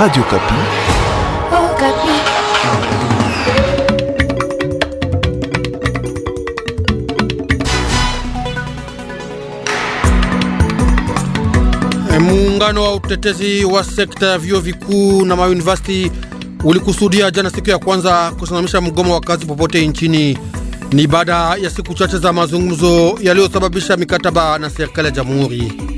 Radio Kapi. Oh, Kapi. Muungano wa utetezi wa sekta ya vyuo vikuu na mauniversity ulikusudia jana siku ya kwanza kusimamisha mgomo wa kazi popote nchini. Ni baada ya siku chache za mazungumzo yaliyosababisha mikataba na serikali ya Jamhuri.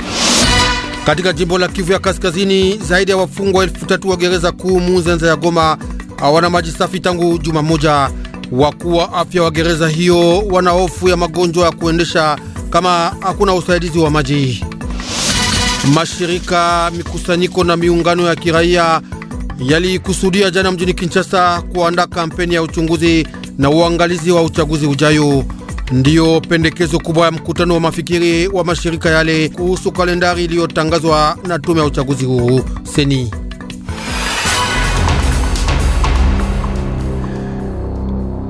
Katika jimbo la Kivu ya Kaskazini, zaidi ya wafungwa elfu tatu wa gereza kuu Muzenza ya Goma hawana maji safi tangu juma moja. Wakuu wa afya wa gereza hiyo wana hofu ya magonjwa ya kuendesha kama hakuna usaidizi wa maji. Mashirika, mikusanyiko na miungano ya kiraia yalikusudia jana mjini Kinshasa kuandaa kampeni ya uchunguzi na uangalizi wa uchaguzi ujayo ndiyo pendekezo kubwa ya mkutano wa mafikiri wa mashirika yale kuhusu kalendari iliyotangazwa na tume ya uchaguzi huru seni.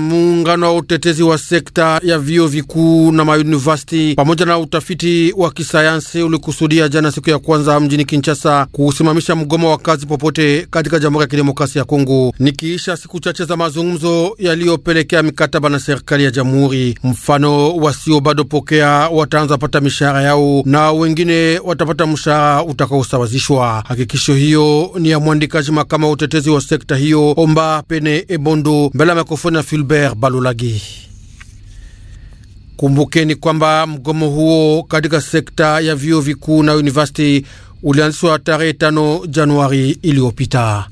muungano wa utetezi wa sekta ya vyuo vikuu na mayunivesiti pamoja na utafiti wa kisayansi ulikusudia jana siku ya kwanza mjini Kinshasa kusimamisha mgomo wa kazi popote katika Jamhuri ya Kidemokrasia ya Kongo, nikiisha siku chache za mazungumzo yaliyopelekea mikataba na serikali ya jamhuri. Mfano, wasio bado pokea wataanza pata mishahara yao na wengine watapata mshahara utakaosawazishwa. Hakikisho hiyo ni ya mwandikaji makama wa utetezi wa sekta hiyo Omba Pene Ebondo mbele ya mikrofoni ya Filbe Robert Balulagi. Kumbukeni kwamba mgomo huo katika sekta ya vyuo vikuu na university ulianzishwa tarehe tano Januari iliyopita.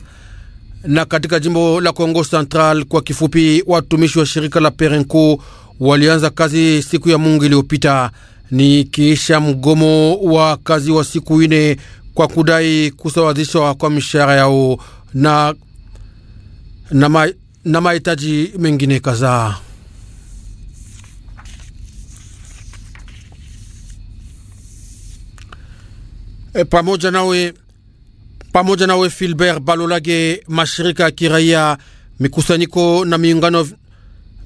Na katika jimbo la Kongo Central, kwa kifupi, watumishi wa shirika la Perenco walianza kazi siku ya Mungu iliyopita, ni kiisha mgomo wa kazi wa siku ine kwa kudai kusawazishwa kwa mishahara yao na, na, ma, na mahitaji mengine kadhaa. E, pamoja nawe pamoja nawe Filbert Balolage, mashirika ya kiraia, mikusanyiko na miungano,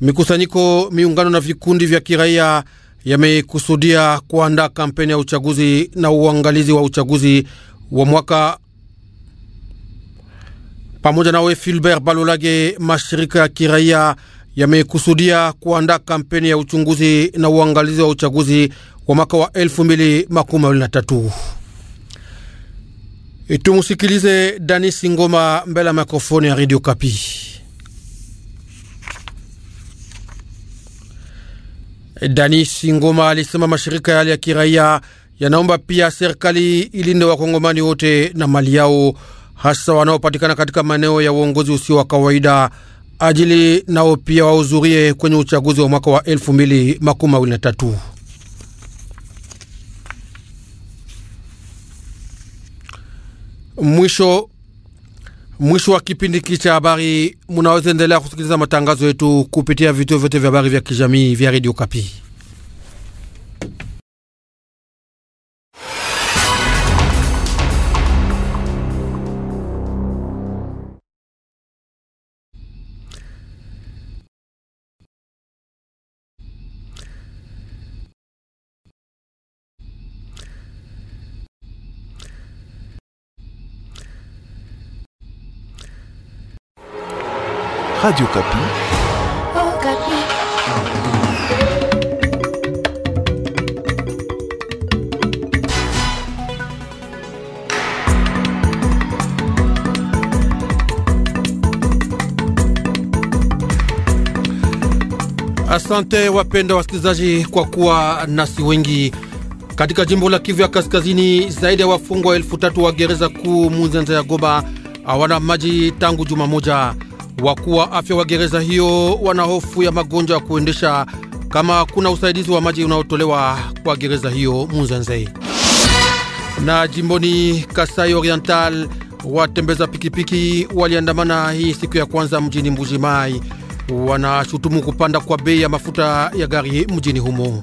mikusanyiko miungano na vikundi vya kiraia yamekusudia kuandaa kampeni ya uchaguzi na uangalizi wa uchaguzi wa mwaka pamoja nawe Filbert Balolage, mashirika ya kiraia yamekusudia kuandaa kampeni ya uchunguzi na uangalizi wa uchaguzi wa mwaka wa tatu. E, tumusikilize Danis Ngoma mbele ya mikrofoni ya Radio Kapi. E, Danis Ngoma alisema mashirika yale ya kiraia yanaomba pia serikali ilinde wakongomani wote na mali yao hasa wanaopatikana katika maeneo ya uongozi usio wa kawaida, ajili nao pia wahudhurie kwenye uchaguzi wa mwaka wa tatu. Mwisho mwisho wa kipindi hiki cha habari, munaweza endelea kusikiliza matangazo yetu kupitia vituo vyote vya habari vya kijamii vya redio Kapii. Radio Kapi. Oh, Kapi. Asante wapenda wasikilizaji kwa kuwa nasi wengi. Katika jimbo la Kivu ya Kaskazini, zaidi ya wafungwa elfu tatu wa gereza kuu munzenza ya Goma hawana maji tangu juma moja. Wakuu wa afya wa gereza hiyo wana hofu ya magonjwa ya kuendesha kama kuna usaidizi wa maji unaotolewa kwa gereza hiyo Munzanzei. Na jimboni Kasai Oriental, watembeza pikipiki waliandamana hii siku ya kwanza mjini mbujimai wanashutumu kupanda kwa bei ya mafuta ya gari mjini humo.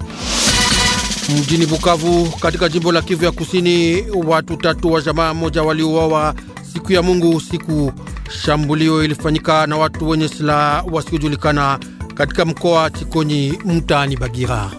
Mjini Bukavu katika jimbo la Kivu ya Kusini, watu tatu wa jamaa moja waliuawa siku ya Mungu usiku Shambulio ilifanyika na watu wenye silaha wasiojulikana katika mkoa Chikonyi mtaani Bagira.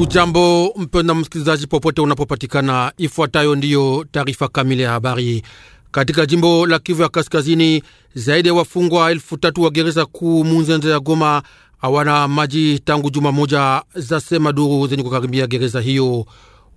Ujambo mpenda msikilizaji, popote unapopatikana, ifuatayo ndiyo taarifa kamili ya habari. Katika jimbo la Kivu ya Kaskazini, zaidi ya wafungwa elfu tatu wa gereza kuu Munzenze ya Goma hawana maji tangu juma moja, zasema duru zenye kukaribia gereza hiyo.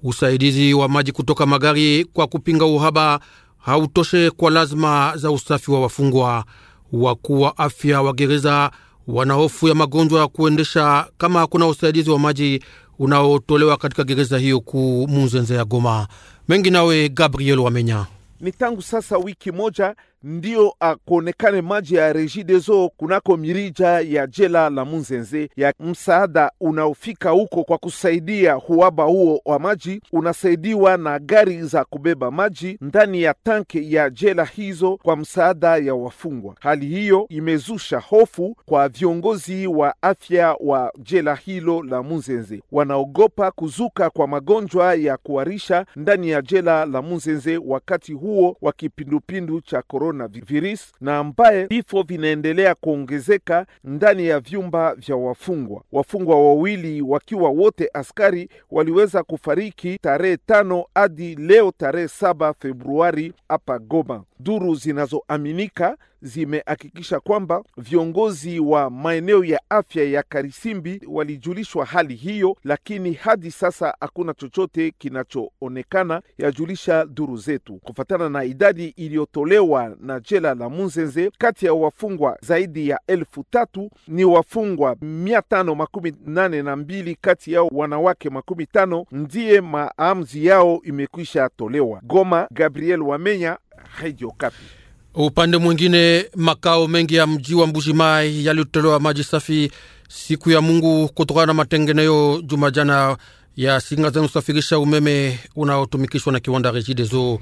Usaidizi wa maji kutoka magari kwa kupinga uhaba hautoshe kwa lazima za usafi wa wafungwa. Wakuu wa afya wa gereza wana hofu ya magonjwa ya kuendesha kama hakuna usaidizi wa maji unaotolewa katika gereza hiyo kuu Munzenze ya Goma. Mengi nawe Gabriel Wamenya. Ni tangu sasa wiki moja ndiyo akuonekane maji ya Regideso kunako mirija ya jela la Munzenze. Ya msaada unaofika huko kwa kusaidia huaba huo wa maji unasaidiwa na gari za kubeba maji ndani ya tanke ya jela hizo kwa msaada ya wafungwa. Hali hiyo imezusha hofu kwa viongozi wa afya wa jela hilo la Munzenze, wanaogopa kuzuka kwa magonjwa ya kuharisha ndani ya jela la Munzenze wakati huo wa kipindupindu cha korona virus na ambaye vifo vinaendelea kuongezeka ndani ya vyumba vya wafungwa. Wafungwa wawili wakiwa wote askari waliweza kufariki tarehe tano hadi leo tarehe saba Februari hapa Goma. Duru zinazoaminika zimehakikisha kwamba viongozi wa maeneo ya afya ya Karisimbi walijulishwa hali hiyo, lakini hadi sasa hakuna chochote kinachoonekana, yajulisha duru zetu. Kufatana na idadi iliyotolewa na jela la Munzenze, kati ya wafungwa zaidi ya elfu tatu ni wafungwa mia tano makumi nane na mbili kati yao wanawake makumi tano ndiye maamuzi yao imekwisha tolewa. Goma, Gabriel Wamenya, Radio Kapi. Upande mwingine, makao mengi ya mji wa Mbujimai yalitolewa maji safi siku ya Mungu kutokana na matengenezo jumajana ya singa zinazosafirisha umeme unaotumikishwa na kiwanda Regideso.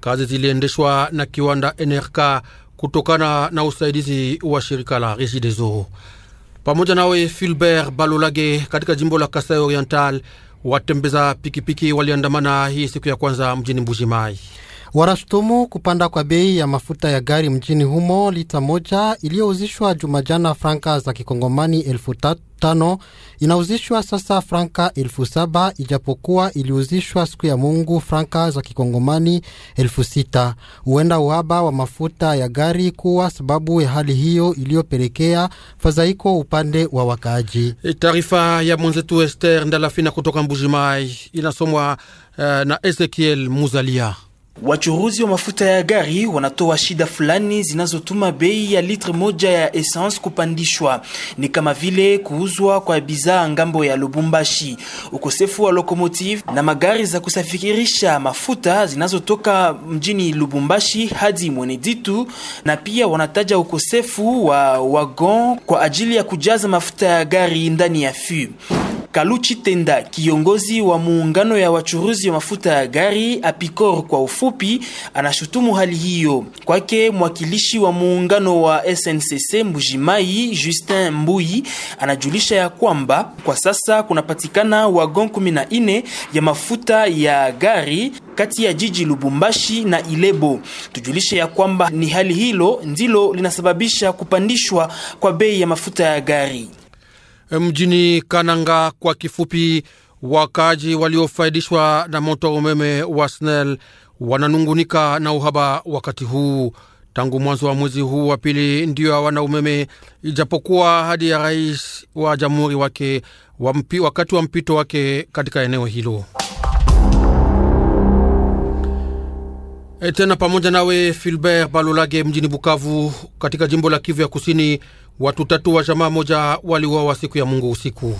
Kazi ziliendeshwa na kiwanda NRK kutokana na usaidizi wa shirika la Regideso. Pamoja nawe Filbert Balolage katika jimbo la Kasai Oriental, watembeza pikipiki waliandamana hii siku ya kwanza mjini Mbujimai. Wanashutumu kupanda kwa bei ya mafuta ya gari mjini humo. Lita moja iliyouzishwa jumajana franka za kikongomani elfu tano inauzishwa sasa franka elfu saba ijapokuwa iliuzishwa siku ya Mungu franka za kikongomani elfu sita. Huenda uhaba wa mafuta ya gari kuwa sababu ya hali hiyo iliyopelekea fadhaiko upande wa wakaaji. E, taarifa ya mwenzetu Ester Ndalafina kutoka Mbujimai inasomwa uh, na Ezekiel Muzalia. Wachuruzi wa mafuta ya gari wanatoa shida fulani zinazotuma bei ya litre moja ya essence kupandishwa, ni kama vile kuuzwa kwa bidhaa ngambo ya Lubumbashi, ukosefu wa lokomotive na magari za kusafirisha mafuta zinazotoka mjini Lubumbashi hadi Mweneditu, na pia wanataja ukosefu wa wagon kwa ajili ya kujaza mafuta ya gari ndani ya FU. Kaluchi Tenda, kiongozi wa muungano ya wachuruzi wa mafuta ya gari Apicor kwa ufupi, anashutumu hali hiyo. Kwake mwakilishi wa muungano wa SNCC Mbujimai Justin mbui anajulisha ya kwamba kwa sasa kunapatikana wagon 14 ya mafuta ya gari kati ya jiji Lubumbashi na Ilebo. Tujulishe ya kwamba ni hali hilo ndilo linasababisha kupandishwa kwa bei ya mafuta ya gari mjini Kananga. Kwa kifupi, wakaaji waliofaidishwa na moto wa umeme wa SNEL wananungunika na uhaba wakati huu tangu mwanzo wa mwezi huu wa pili ndiyo hawana umeme, ijapokuwa hadi ya rais wa jamhuri wake wampi, wakati wa mpito wake katika eneo hilo. E, tena pamoja nawe Filbert Balolage mjini Bukavu katika jimbo la Kivu ya Kusini watu tatu wa jamaa moja waliuawa siku ya Mungu usiku.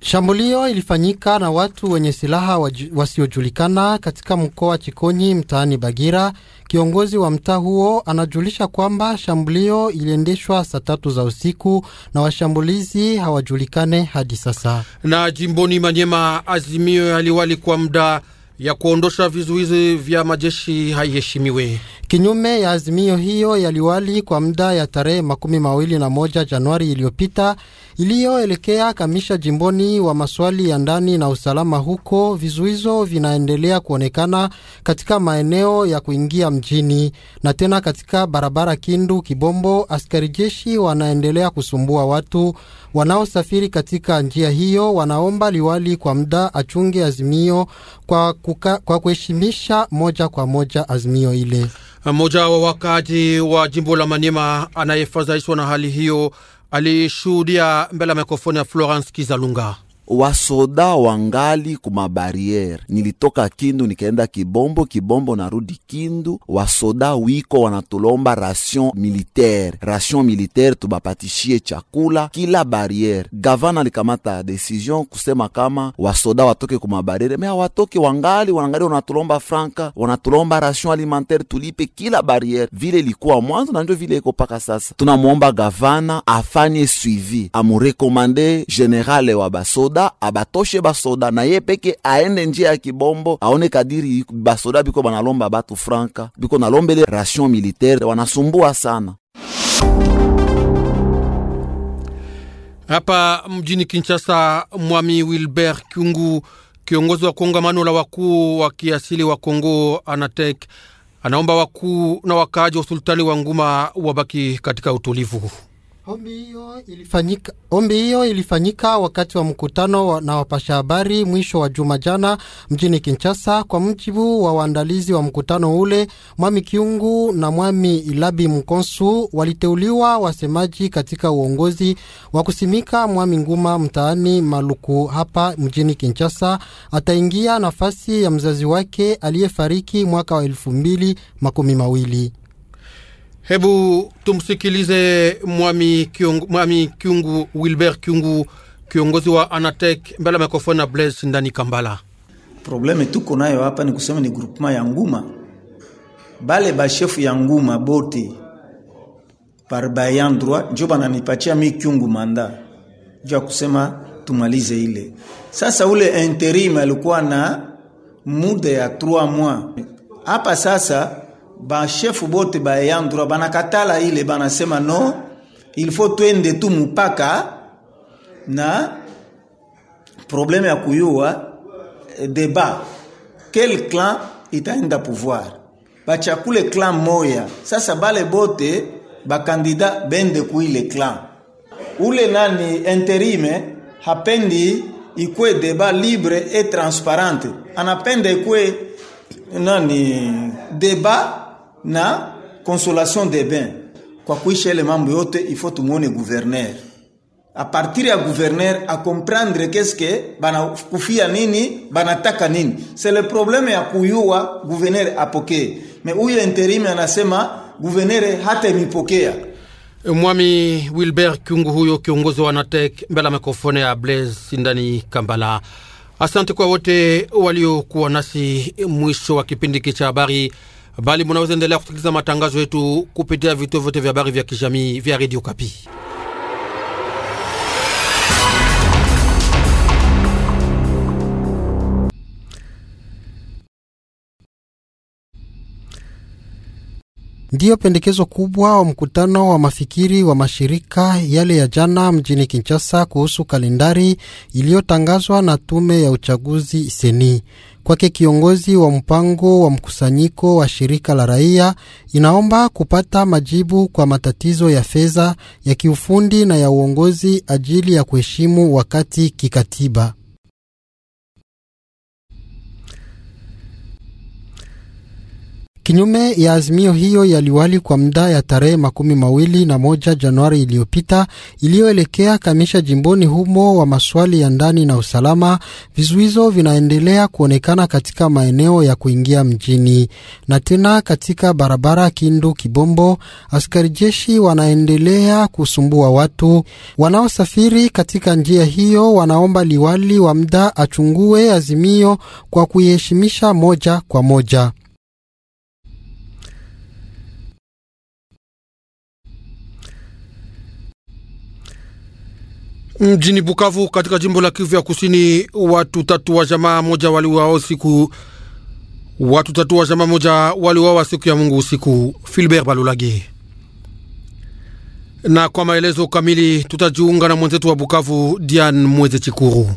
Shambulio ilifanyika na watu wenye silaha wasiojulikana katika mkoa wa Chikonyi mtaani Bagira. Kiongozi wa mtaa huo anajulisha kwamba shambulio iliendeshwa saa tatu za usiku na washambulizi hawajulikane hadi sasa. Na jimboni Manyema, azimio yaliwali kwa muda ya kuondosha vizuizi vya majeshi haiheshimiwe. Kinyume ya azimio hiyo yaliwali kwa muda ya tarehe makumi mawili na moja Januari iliyopita iliyoelekea Kamisha jimboni wa maswali ya ndani na usalama huko. Vizuizo vinaendelea kuonekana katika maeneo ya kuingia mjini na tena katika barabara Kindu Kibombo, askari jeshi wanaendelea kusumbua watu wanaosafiri katika njia hiyo. Wanaomba liwali kwa muda achunge azimio kwa, kuka, kwa kuheshimisha moja kwa moja azimio ile. Mmoja wa wakaaji wa jimbo la manyema anayefadhaishwa na hali hiyo alishuhudia mbele ya mikrofoni ya Florence Kizalunga wasoda wangali kumabariere. Nilitoka Kindu nikaenda Kibombo, Kibombo narudi Kindu. Wasoda wiko wanatulomba ration militaire, ration militaire tubapatishie chakula kila bariere. Gavana alikamata decision kusema kama wasoda watoke kumabariere, me hawatoke, wangali wanangali wanatulomba franka, wanatulomba ration alimentaire tulipe kila bariere. Vile ilikuwa mwanzo na ndio vile iko mpaka sasa. Tunamwomba gavana afanye suivi, amurekomande generale wa basoda basoda abatoshe basoda na ye peke aende njia ya kibombo aone kadiri basoda biko banalomba batu franka biko nalombele ration militaire wanasumbua sana. Hapa mjini Kinshasa, Mwami Wilbert Kyungu, kiongozi wa kongamano la wakuu wa kiasili wa Kongo Anatek, anaomba wakuu na wakaaji wa sultani wa Nguma wabaki katika utulivu. Ombi hiyo ilifanyika, wakati wa mkutano na wapasha habari mwisho wa juma jana mjini Kinshasa. Kwa mjibu wa waandalizi wa mkutano ule, Mwami Kiungu na Mwami Ilabi Mkonsu waliteuliwa wasemaji katika uongozi wa kusimika. Mwami Nguma mtaani Maluku hapa mjini Kinshasa ataingia nafasi ya mzazi wake aliyefariki mwaka wa elfu mbili makumi mawili. Hebu tumsikilize mwami kiungu, mwami kiungu Wilbert Kiungu, kiongozi wa Anatek mbele ya mikrofoni na Blaise ndani Kambala. Probleme tuko nayo hapa ni kusema ni groupement ya nguma, bale bashefu ya nguma bote parbayan droit njo bananipatia mi Kiungu manda njo kusema tumalize ile. Sasa ule interim alikuwa na muda ya 3 mois hapa sasa bashefu bote bayandura banakatala ile banasema no il faut twende tu mpaka na probleme ya kuyua eh, deba quel clan itaenda pouvoir bachakule clan moya sasa bale bote bakandida bende kuile clan ule nani interime hapendi ikwe deba libre et transparente anapenda ikwe nani deba na consolation des bains. Kwa kuisha ile mambo yote, ifo tumuone gouverneur a partir ya gouverneur a comprendre qu'est-ce que banakufia nini banataka nini. C'est le problème ya kuyua gouverneur apokee, me huyo interime anasema gouverneur hata imipokea. Mwami Wilbert Kyungu huyo kiongozi wa Natek mbele ya mikrofone ya Blaise Sindani Kambala. Asante kwa wote waliokuwa nasi mwisho wa kipindi hiki cha habari bali munaweza endelea kusikiliza matangazo yetu kupitia vituo vyote vya habari vya kijamii vya redio Kapi. Ndiyo pendekezo kubwa wa mkutano wa mafikiri wa mashirika yale ya jana mjini Kinshasa kuhusu kalendari iliyotangazwa na tume ya uchaguzi seni Kwake kiongozi wa mpango wa mkusanyiko wa shirika la raia inaomba kupata majibu kwa matatizo ya fedha ya kiufundi na ya uongozi ajili ya kuheshimu wakati kikatiba. Kinyume ya azimio hiyo ya liwali kwa muda ya tarehe makumi mawili na moja Januari iliyopita iliyoelekea kamisha jimboni humo wa maswali ya ndani na usalama, vizuizo vinaendelea kuonekana katika maeneo ya kuingia mjini na tena katika barabara Kindu Kibombo, askari jeshi wanaendelea kusumbua watu wanaosafiri katika njia hiyo. Wanaomba liwali wa muda achungue azimio kwa kuiheshimisha moja kwa moja. Mjini Bukavu katika jimbo la Kivu ya Kusini, watu tatu wa jamaa moja waliuawa siku watu tatu wa jamaa moja waliuawa siku ya Mungu usiku. Filbert Balulage. Na kwa maelezo kamili tutajiunga na mwenzetu wa Bukavu dian Mweze Chikuru.